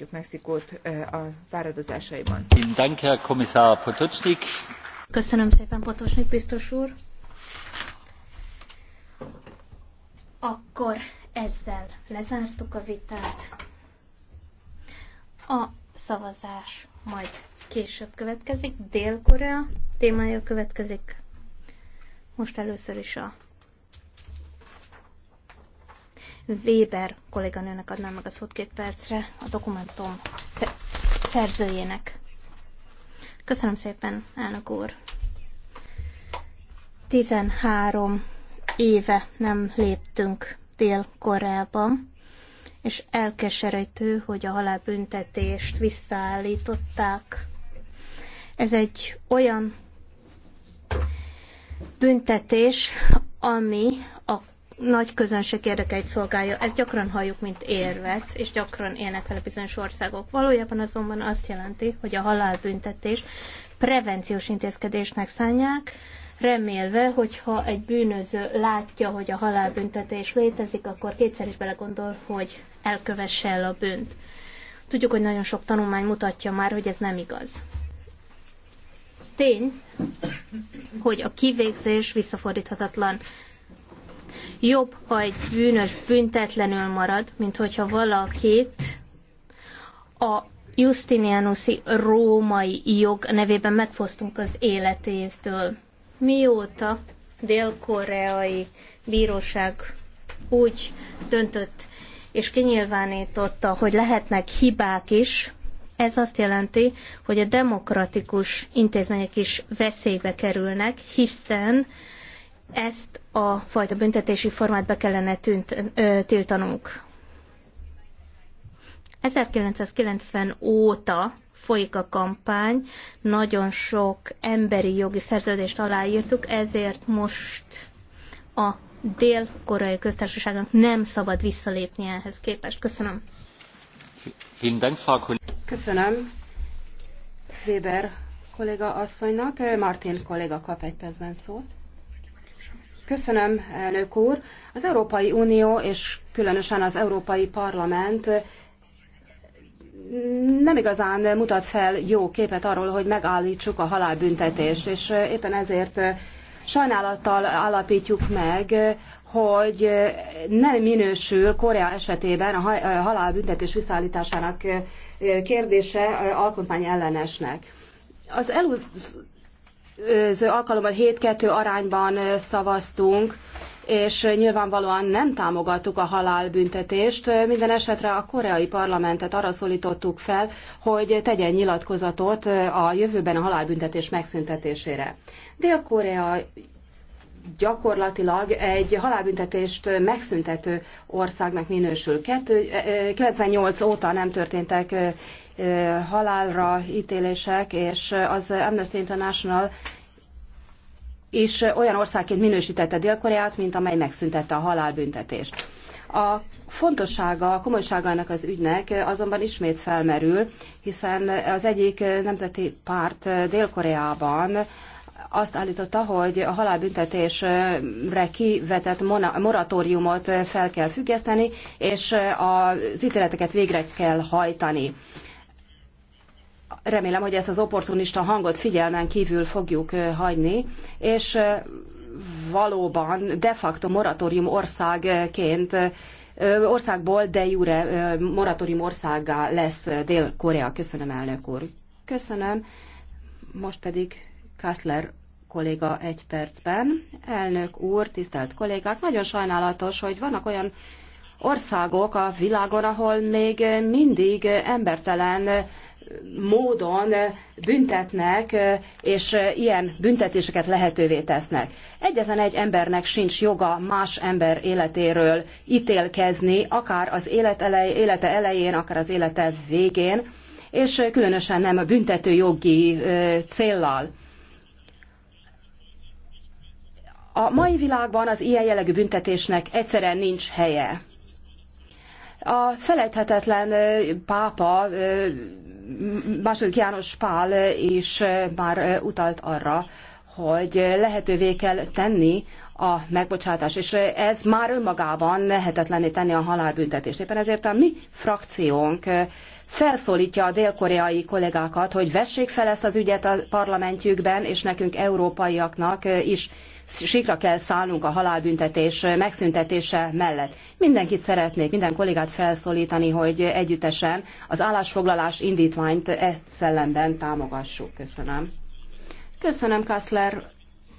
segítjük Mexikót a fáradozásaiban. Köszönöm szépen, Potocsnik biztos úr. Akkor ezzel lezártuk a vitát. A szavazás majd később következik. Dél-Korea témája következik. Most először is a Weber kolléganőnek adnám meg a szót két percre, a dokumentum szerzőjének. Köszönöm szépen, elnök úr. 13 éve nem léptünk dél koreába és elkeserítő, hogy a halálbüntetést visszaállították. Ez egy olyan büntetés, ami a nagy közönség érdekeit szolgálja. Ezt gyakran halljuk, mint érvet, és gyakran élnek vele bizonyos országok. Valójában azonban azt jelenti, hogy a halálbüntetés prevenciós intézkedésnek szánják, remélve, hogyha egy bűnöző látja, hogy a halálbüntetés létezik, akkor kétszer is belegondol, hogy elkövesse el a bűnt. Tudjuk, hogy nagyon sok tanulmány mutatja már, hogy ez nem igaz. Tény, hogy a kivégzés visszafordíthatatlan Jobb, ha egy bűnös büntetlenül marad, mint hogyha valakit a Justinianusi római jog nevében megfosztunk az életévtől. Mióta dél-koreai bíróság úgy döntött és kinyilvánította, hogy lehetnek hibák is, ez azt jelenti, hogy a demokratikus intézmények is veszélybe kerülnek, hiszen ezt a fajta büntetési formát be kellene tűnt, ö, tiltanunk. 1990 óta folyik a kampány, nagyon sok emberi jogi szerződést aláírtuk, ezért most a dél-koreai köztársaságnak nem szabad visszalépni ehhez képest. Köszönöm. Köszönöm Weber kolléga asszonynak. Martin kolléga kap egy percben szót. Köszönöm, elnök úr. Az Európai Unió és különösen az Európai Parlament nem igazán mutat fel jó képet arról, hogy megállítsuk a halálbüntetést, és éppen ezért sajnálattal állapítjuk meg, hogy nem minősül Korea esetében a halálbüntetés visszaállításának kérdése alkotmány ellenesnek. Az előző alkalommal 7-2 arányban szavaztunk, és nyilvánvalóan nem támogattuk a halálbüntetést. Minden esetre a koreai parlamentet arra szólítottuk fel, hogy tegyen nyilatkozatot a jövőben a halálbüntetés megszüntetésére. Dél-Korea gyakorlatilag egy halálbüntetést megszüntető országnak minősül. 98 óta nem történtek halálra ítélések, és az Amnesty International is olyan országként minősítette Dél-Koreát, mint amely megszüntette a halálbüntetést. A fontossága, a komolysága ennek az ügynek azonban ismét felmerül, hiszen az egyik nemzeti párt Dél-Koreában azt állította, hogy a halálbüntetésre kivetett moratóriumot fel kell függeszteni, és az ítéleteket végre kell hajtani remélem, hogy ezt az opportunista hangot figyelmen kívül fogjuk hagyni, és valóban de facto moratórium országként országból de jure moratórium országá lesz Dél-Korea. Köszönöm, elnök úr. Köszönöm. Most pedig Kassler kolléga egy percben. Elnök úr, tisztelt kollégák, nagyon sajnálatos, hogy vannak olyan országok a világon, ahol még mindig embertelen módon büntetnek, és ilyen büntetéseket lehetővé tesznek. Egyetlen egy embernek sincs joga más ember életéről ítélkezni, akár az élet elej, élete elején, akár az élete végén, és különösen nem a büntető jogi céllal. A mai világban az ilyen jellegű büntetésnek egyszerűen nincs helye. A felejthetetlen pápa második János Pál is eh, már eh, utalt arra, hogy lehetővé kell tenni a megbocsátás, és ez már önmagában lehetetlené tenni a halálbüntetést. Éppen ezért a mi frakciónk eh, felszólítja a dél-koreai kollégákat, hogy vessék fel ezt az ügyet a parlamentjükben, és nekünk európaiaknak eh, is sikra kell szállnunk a halálbüntetés eh, megszüntetése mellett. Mindenkit szeretnék, minden kollégát felszólítani, hogy együttesen az állásfoglalás indítványt e szellemben támogassuk. Köszönöm. Köszönöm, Kassler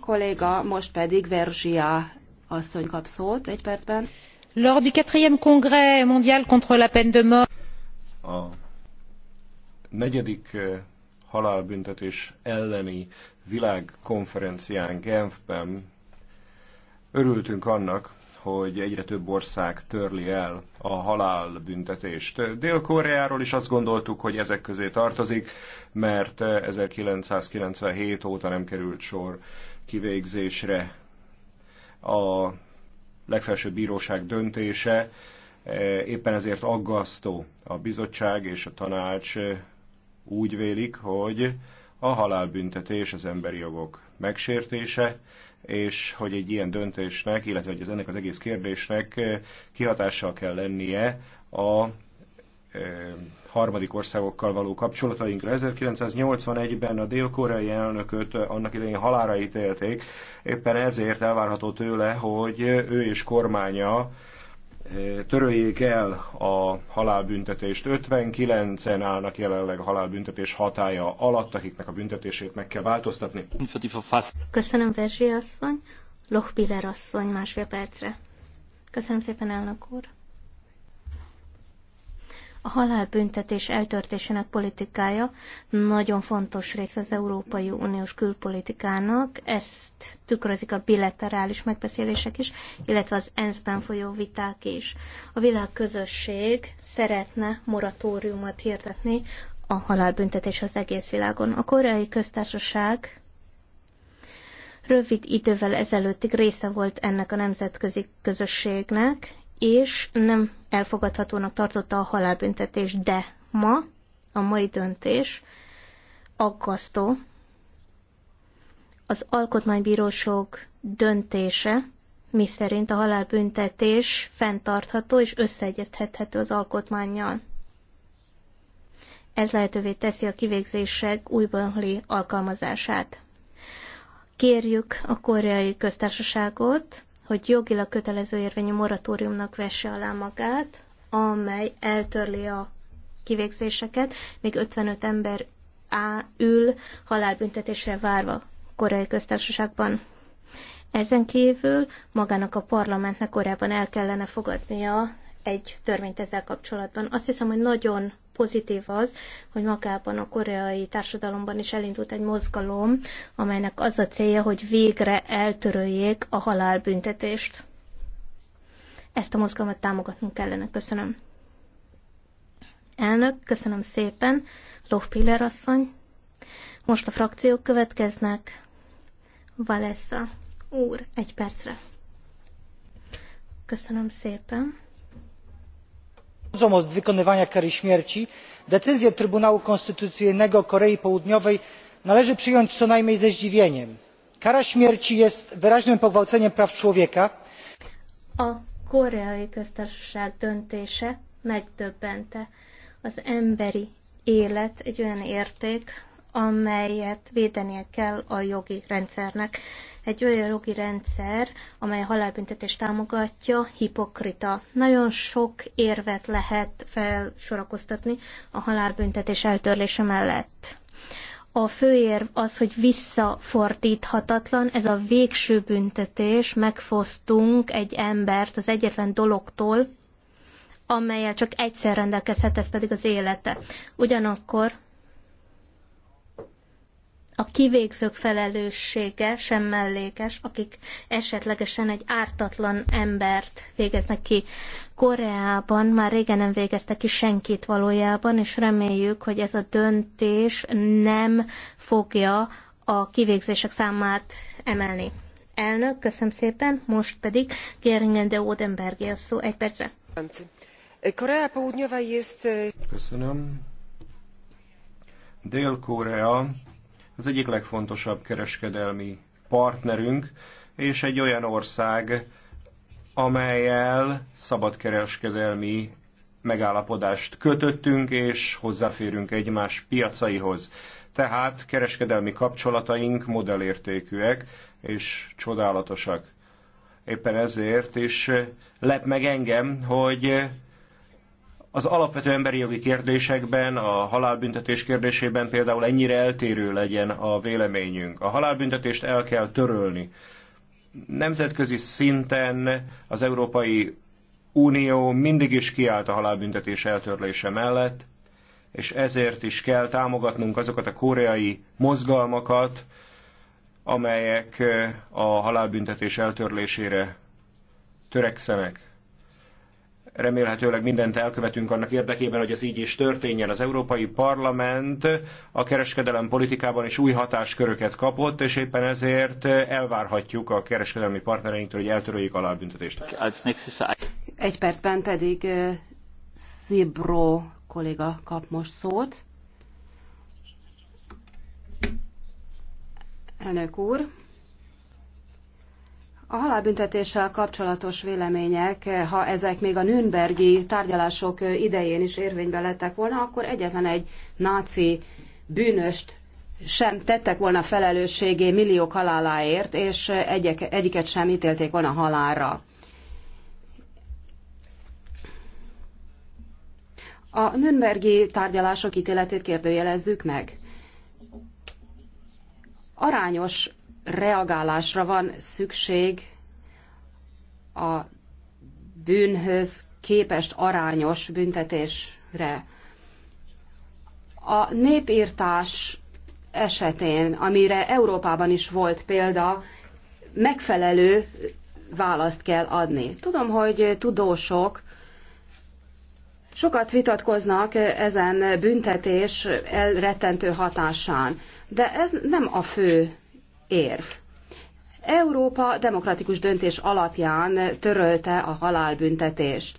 kolléga, most pedig Verzsia asszony kap szót egy percben. Lors du 4 congrès mondial contre la peine de mort. A negyedik eh, halálbüntetés elleni világkonferencián Genfben örültünk annak, hogy egyre több ország törli el a halálbüntetést. Dél-Koreáról is azt gondoltuk, hogy ezek közé tartozik, mert 1997 eh, óta nem került sor kivégzésre. A legfelsőbb bíróság döntése eh, éppen ezért aggasztó. A bizottság és a tanács eh, úgy vélik, hogy a halálbüntetés az emberi jogok megsértése, és hogy egy ilyen döntésnek, illetve hogy ez ennek az egész kérdésnek eh, kihatással kell lennie a Eh, harmadik országokkal való kapcsolatainkra. 1981-ben a dél-koreai elnököt annak idején halára ítélték, éppen ezért elvárható tőle, hogy ő és kormánya eh, töröljék el a halálbüntetést. 59-en állnak jelenleg a halálbüntetés hatája alatt, akiknek a büntetését meg kell változtatni. Köszönöm, Verzsi asszony. Lochbiller asszony másfél percre. Köszönöm szépen, elnök úr. A halálbüntetés eltörtésének politikája nagyon fontos rész az Európai Uniós külpolitikának, ezt tükrözik a bilaterális megbeszélések is, illetve az ENSZ-ben folyó viták is. A világközösség szeretne moratóriumot hirdetni a halálbüntetés az egész világon. A koreai köztársaság rövid idővel ezelőttig része volt ennek a nemzetközi közösségnek, és nem elfogadhatónak tartotta a halálbüntetést, de ma a mai döntés aggasztó. Az alkotmánybíróság döntése, mi szerint a halálbüntetés fenntartható és összeegyeztethető az alkotmányjal. Ez lehetővé teszi a kivégzések újbóli alkalmazását. Kérjük a koreai köztársaságot, hogy jogilag kötelező érvényű moratóriumnak vesse alá magát, amely eltörli a kivégzéseket, még 55 ember á, ül halálbüntetésre várva koreai köztársaságban. Ezen kívül magának a parlamentnek korábban el kellene fogadnia egy törvényt ezzel kapcsolatban. Azt hiszem, hogy nagyon pozitív az, hogy magában a koreai társadalomban is elindult egy mozgalom, amelynek az a célja, hogy végre eltöröljék a halálbüntetést. Ezt a mozgalmat támogatnunk kellene. Köszönöm. Elnök, köszönöm szépen. Lohpiller asszony. Most a frakciók következnek. Valessa úr, egy percre. Köszönöm szépen odchodzą od wykonywania kary śmierci decyzję trybunału konstytucyjnego korei południowej należy przyjąć co najmniej ze zdziwieniem. kara śmierci jest wyraźnym pogwałceniem praw człowieka. a koreai köztársaság döntése megdöbbente. az emberi élet egy olyan érték amelyet védenie kell a jogi rendszernek egy olyan jogi rendszer, amely a halálbüntetést támogatja, hipokrita. Nagyon sok érvet lehet felsorakoztatni a halálbüntetés eltörlése mellett. A főérv az, hogy visszafordíthatatlan, ez a végső büntetés, megfosztunk egy embert az egyetlen dologtól, amelyel csak egyszer rendelkezhet, ez pedig az élete. Ugyanakkor a kivégzők felelőssége sem mellékes, akik esetlegesen egy ártatlan embert végeznek ki. Koreában már régen nem végeztek ki senkit valójában, és reméljük, hogy ez a döntés nem fogja a kivégzések számát emelni. Elnök, köszönöm szépen, most pedig Geringen de Odenbergi a szó egy percre. Korea Południowa jest... E- köszönöm. Dél-Korea az egyik legfontosabb kereskedelmi partnerünk, és egy olyan ország, amelyel szabadkereskedelmi megállapodást kötöttünk, és hozzáférünk egymás piacaihoz. Tehát kereskedelmi kapcsolataink modellértékűek és csodálatosak. Éppen ezért is lep meg engem, hogy az alapvető emberi jogi kérdésekben, a halálbüntetés kérdésében például ennyire eltérő legyen a véleményünk. A halálbüntetést el kell törölni. Nemzetközi szinten az Európai Unió mindig is kiállt a halálbüntetés eltörlése mellett, és ezért is kell támogatnunk azokat a koreai mozgalmakat, amelyek a halálbüntetés eltörlésére törekszenek remélhetőleg mindent elkövetünk annak érdekében, hogy ez így is történjen. Az Európai Parlament a kereskedelem politikában is új hatásköröket kapott, és éppen ezért elvárhatjuk a kereskedelmi partnereinktől, hogy eltöröljék a lábüntetést. Egy percben pedig Szibro kolléga kap most szót. Elnök úr, a halálbüntetéssel kapcsolatos vélemények, ha ezek még a Nürnbergi tárgyalások idején is érvényben lettek volna, akkor egyetlen egy náci bűnöst sem tettek volna felelősségé milliók haláláért, és egyek, egyiket sem ítélték volna halálra. A Nürnbergi tárgyalások ítéletét kérdőjelezzük meg. Arányos reagálásra van szükség a bűnhöz képest arányos büntetésre. A népírtás esetén, amire Európában is volt példa, megfelelő választ kell adni. Tudom, hogy tudósok sokat vitatkoznak ezen büntetés elrettentő hatásán, de ez nem a fő érv. Európa demokratikus döntés alapján törölte a halálbüntetést.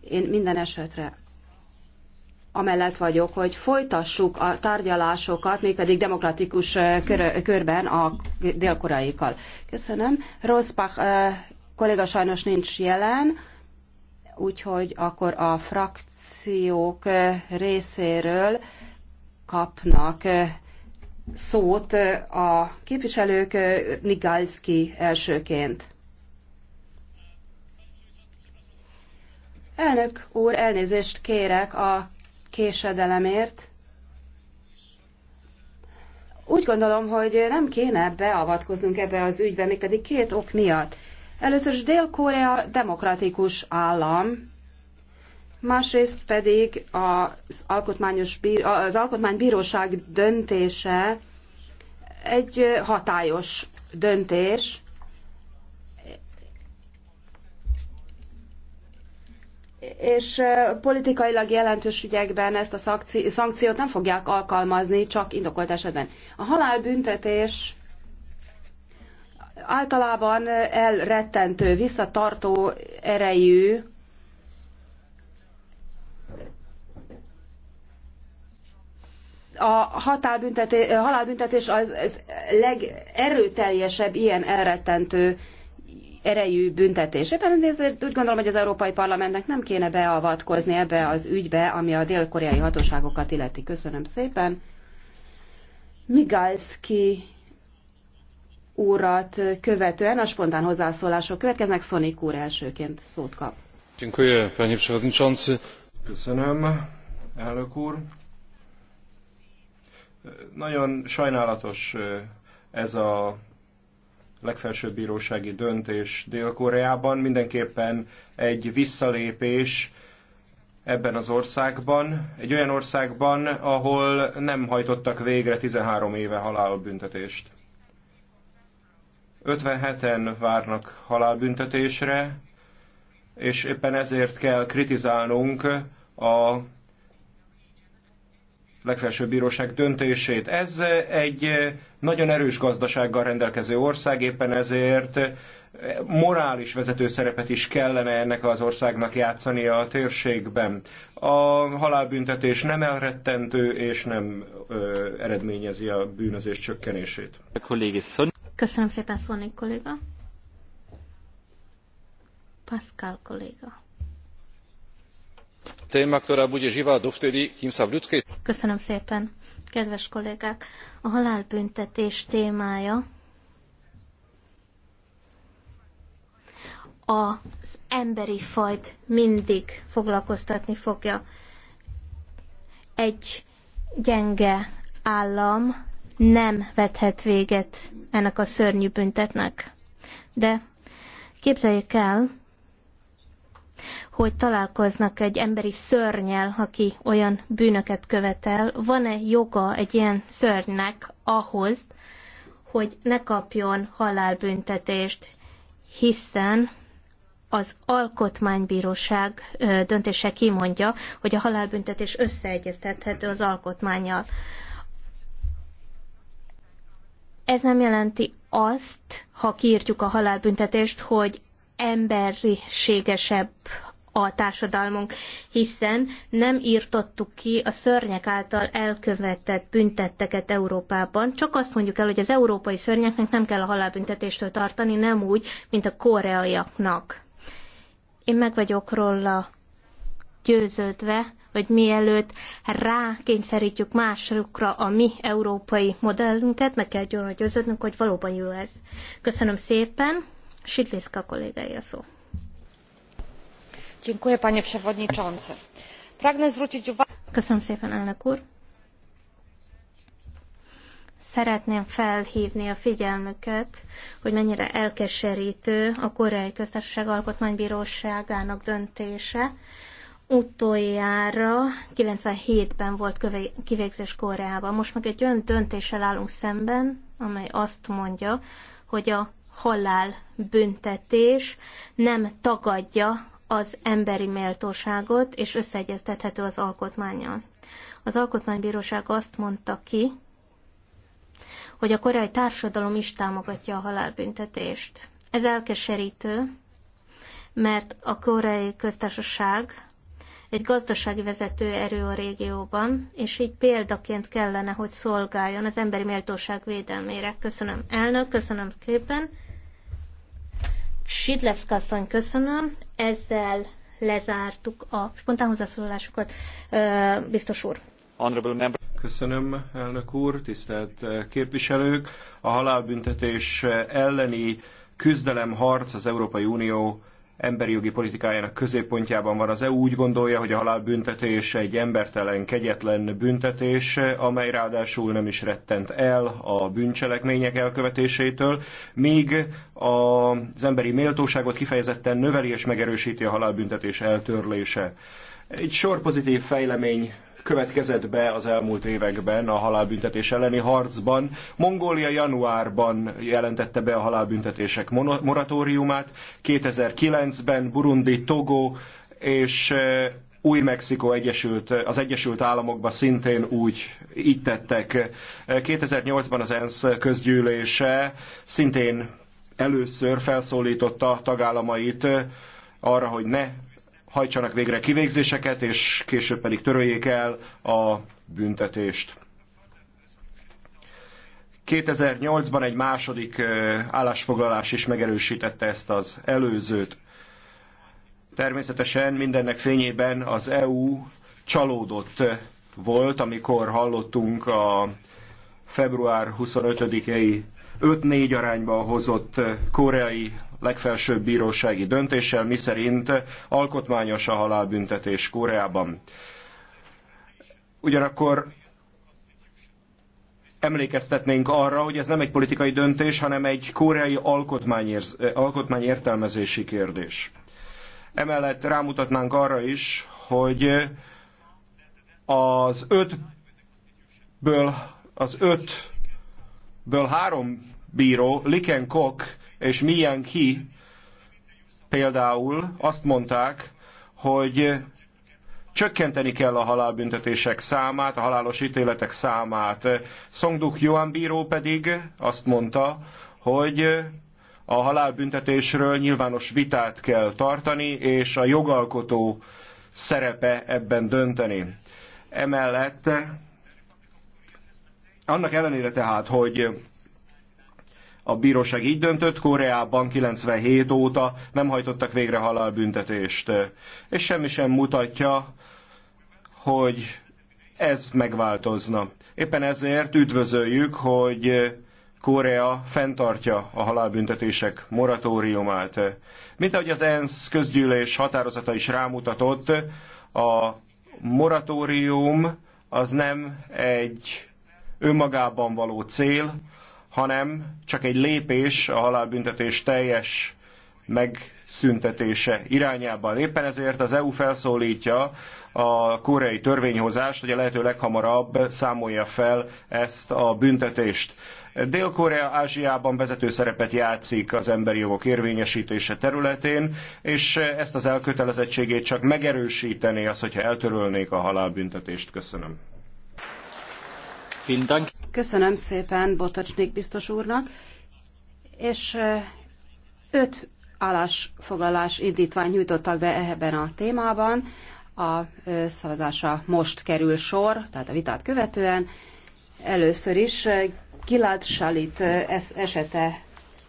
Én minden esetre amellett vagyok, hogy folytassuk a tárgyalásokat, mégpedig demokratikus kör, körben a délkoraikkal. Köszönöm. Rosbach kolléga sajnos nincs jelen, úgyhogy akkor a frakciók részéről kapnak szót a képviselők Nigalski elsőként. Elnök úr, elnézést kérek a késedelemért. Úgy gondolom, hogy nem kéne beavatkoznunk ebbe az ügybe, mégpedig két ok miatt. Először is Dél-Korea demokratikus állam, másrészt pedig az, alkotmányos, az alkotmánybíróság döntése egy hatályos döntés, és politikailag jelentős ügyekben ezt a szankciót nem fogják alkalmazni, csak indokolt esetben. A halálbüntetés általában elrettentő, visszatartó erejű, a hatálbüntetés, halálbüntetés az, az legerőteljesebb ilyen elrettentő erejű büntetés. Éppen ezért úgy gondolom, hogy az Európai Parlamentnek nem kéne beavatkozni ebbe az ügybe, ami a dél-koreai hatóságokat illeti. Köszönöm szépen. Migalski úrat követően a spontán hozzászólások következnek. Szonik úr elsőként szót kap. Köszönöm, elnök úr. Nagyon sajnálatos ez a legfelsőbb bírósági döntés Dél-Koreában, mindenképpen egy visszalépés ebben az országban, egy olyan országban, ahol nem hajtottak végre 13 éve halálbüntetést. 57-en várnak halálbüntetésre, és éppen ezért kell kritizálnunk a legfelsőbb bíróság döntését. Ez egy nagyon erős gazdasággal rendelkező ország, éppen ezért morális vezető szerepet is kellene ennek az országnak játszani a térségben. A halálbüntetés nem elrettentő és nem ö, eredményezi a bűnözés csökkenését. Köszönöm szépen, Szónik kolléga. Pascal kolléga. Téma, ktorá bude živá dovtedy, kým sa v ľudskej... Köszönöm szépen, kedves kollégák! A halálbüntetés témája az emberi fajt mindig foglalkoztatni fogja. Egy gyenge állam nem vethet véget ennek a szörnyű büntetnek. De képzeljék el, hogy találkoznak egy emberi szörnyel, aki olyan bűnöket követel. Van-e joga egy ilyen szörnynek ahhoz, hogy ne kapjon halálbüntetést, hiszen az alkotmánybíróság döntése kimondja, hogy a halálbüntetés összeegyeztethető az alkotmányjal. Ez nem jelenti azt, ha kiírtjuk a halálbüntetést, hogy emberiségesebb a társadalmunk, hiszen nem írtottuk ki a szörnyek által elkövetett büntetteket Európában. Csak azt mondjuk el, hogy az európai szörnyeknek nem kell a halálbüntetéstől tartani, nem úgy, mint a koreaiaknak. Én meg vagyok róla győződve, hogy mielőtt rákényszerítjük másokra a mi európai modellünket, meg kell győződnünk, hogy valóban jó ez. Köszönöm szépen! panie przewodniczący. Pragnę zwrócić uwagę... Köszönöm szépen, elnök Szeretném felhívni a figyelmüket, hogy mennyire elkeserítő a Koreai Köztársaság Alkotmánybíróságának döntése. Utoljára 97-ben volt kivégzés Koreában. Most meg egy olyan döntéssel állunk szemben, amely azt mondja, hogy a halál büntetés nem tagadja az emberi méltóságot, és összeegyeztethető az alkotmányjal. Az alkotmánybíróság azt mondta ki, hogy a koreai társadalom is támogatja a halálbüntetést. Ez elkeserítő, mert a koreai köztársaság egy gazdasági vezető erő a régióban, és így példaként kellene, hogy szolgáljon az emberi méltóság védelmére. Köszönöm elnök, köszönöm szépen. Sidlevszka asszony, köszönöm. Ezzel lezártuk a spontán hozzászólásokat. Biztos úr. Köszönöm, elnök úr, tisztelt képviselők. A halálbüntetés elleni küzdelem harc az Európai Unió emberi jogi politikájának középpontjában van. Az EU úgy gondolja, hogy a halálbüntetés egy embertelen, kegyetlen büntetés, amely ráadásul nem is rettent el a bűncselekmények elkövetésétől, míg az emberi méltóságot kifejezetten növeli és megerősíti a halálbüntetés eltörlése. Egy sor pozitív fejlemény következett be az elmúlt években a halálbüntetés elleni harcban. Mongólia januárban jelentette be a halálbüntetések moratóriumát, 2009-ben Burundi, Togo és eh, új-Mexikó Egyesült, az Egyesült Államokban szintén úgy így tettek. 2008-ban eh, az ENSZ közgyűlése szintén először felszólította tagállamait eh, arra, hogy ne hajtsanak végre kivégzéseket, és később pedig töröljék el a büntetést. 2008-ban egy második állásfoglalás is megerősítette ezt az előzőt. Természetesen mindennek fényében az EU csalódott volt, amikor hallottunk a február 25-i 5-4 arányban hozott eh, koreai legfelsőbb bírósági döntéssel, miszerint alkotmányos a halálbüntetés Koreában. Ugyanakkor emlékeztetnénk arra, hogy ez nem egy politikai döntés, hanem egy koreai alkotmány eh, értelmezési kérdés. Emellett rámutatnánk arra is, hogy eh, az ötből az öt ből három bíró, Liken Kok és Mian Ki például azt mondták, hogy csökkenteni kell a halálbüntetések számát, a halálos ítéletek számát. Songduk Johan bíró pedig azt mondta, hogy a halálbüntetésről nyilvános vitát kell tartani, és a jogalkotó szerepe ebben dönteni. Emellett annak ellenére tehát, hogy a bíróság így döntött, Koreában 97 óta nem hajtottak végre halálbüntetést. És semmi sem mutatja, hogy ez megváltozna. Éppen ezért üdvözöljük, hogy Korea fenntartja a halálbüntetések moratóriumát. Mint ahogy az ENSZ közgyűlés határozata is rámutatott, a moratórium az nem egy önmagában való cél, hanem csak egy lépés a halálbüntetés teljes megszüntetése irányában. Éppen ezért az EU felszólítja a koreai törvényhozást, hogy a lehető leghamarabb számolja fel ezt a büntetést. Dél-Korea Ázsiában vezető szerepet játszik az emberi jogok érvényesítése területén, és ezt az elkötelezettségét csak megerősítené az, hogyha eltörölnék a halálbüntetést. Köszönöm. Köszönöm szépen Botocsnik biztos úrnak, és eh, öt állásfoglalás indítvány nyújtottak be ebben a témában. A eh, szavazása most kerül sor, tehát a vitát követően. Először is eh, Gilad Salit esete,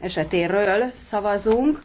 esetéről szavazunk.